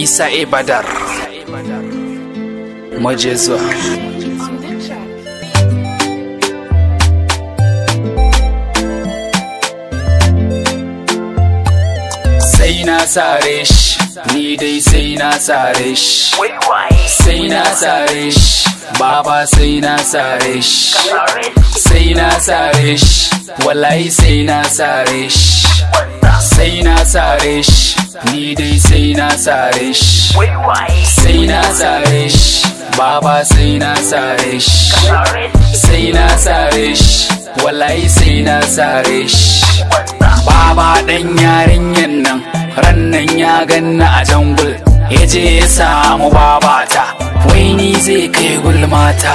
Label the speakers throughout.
Speaker 1: isa a e badar zuwa sai na tsare shi ni dai sai na tsare shi sai na tsare shi baba sai na tsare shi sai na tsare shi wallahi sai na tsare shi sai na sare shi ni dai sai na sare shi sai na sare shi baba sai na sare shi sai na sare shi wallahi sai na sare shi baba dan yarinyan nan rannan ya ganna a jangul ya je ya samu babata wai ni zai kai gulmata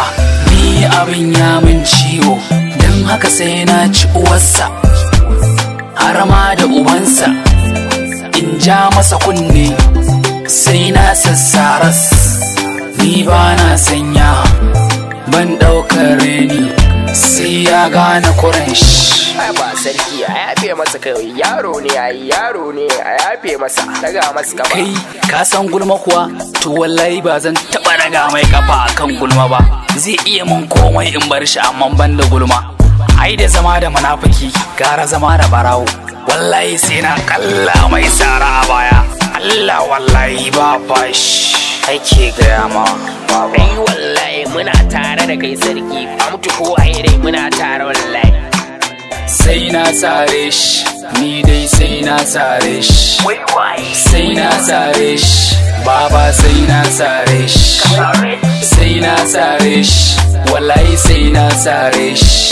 Speaker 1: ni abin ya min ciwo don haka sai na ci uwarsa Harama da ubansa in ja masa kunne sai na sassaras ni ba na sanya ban ɗaukar reni sai ya gane kurash shi ba sarki a yafe masa kai yaro ne a yaro ne a yafe masa daga masa kafa kai ka san gulma kuwa to wallahi ba zan taba daga mai kafa akan gulma ba zai iya mun komai in bar shi amma ban da gulma ai da zama da munafiki gara zama da barawo wallahi sai na kalla mai tsara a baya Allah wallahi ba fashi ake gaya ma ai wallahi muna tare da kai sarki amtu ko a dai muna tare wallahi sai na tsare shi ni dai sai na tsare shi sai na tsare shi baba sai na tsare shi sai na tsare shi wallahi sai na tsare shi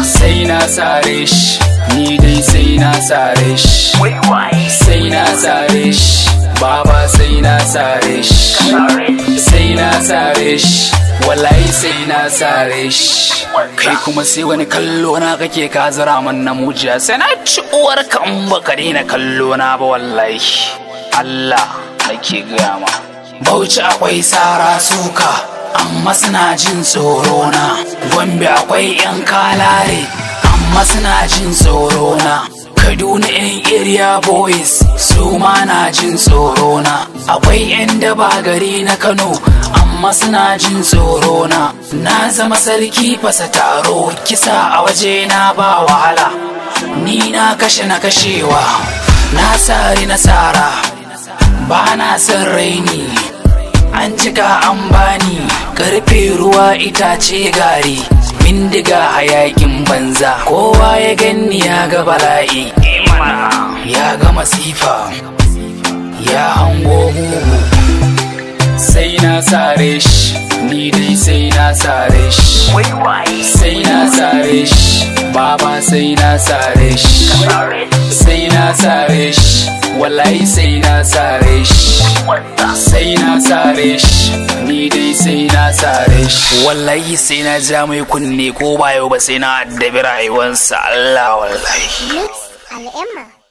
Speaker 1: sai na sare shi ni dai sai na sare shi sai na sare shi baba sai na sare shi sai na sare shi wallahi sai na sare shi kai kuma sai wani kallo na kake ka zira man na sai na ci uwar kan baka daina kallo na ba wallahi Allah nake gama Bauchi akwai sara suka amma suna jin tsoro na gombe akwai yan kalare amma suna jin tsoro na kaduna yan area boys su ma na jin tsoro na akwai yan daba gari na kano amma suna jin tsoro na na zama sarki fasa taro kisa a waje na ba wahala ni na kashe na kashewa na sari nasara. ba na son raini an cika an bani karfe ruwa itace gari bindiga hayakin banza kowa ya ganni ya ga bala'i ya ga masifa ya hango mugu sai na sare shi ni dai sai na sare shi sai na sare shi baba sai na sare shi sai na sare shi wallahi sai na sare shi sai na sare shi dai sai na tsare shi wallahi sai na ja mai kunne ko ba yau ba sai na addabi rayuwansa, Allah wallahi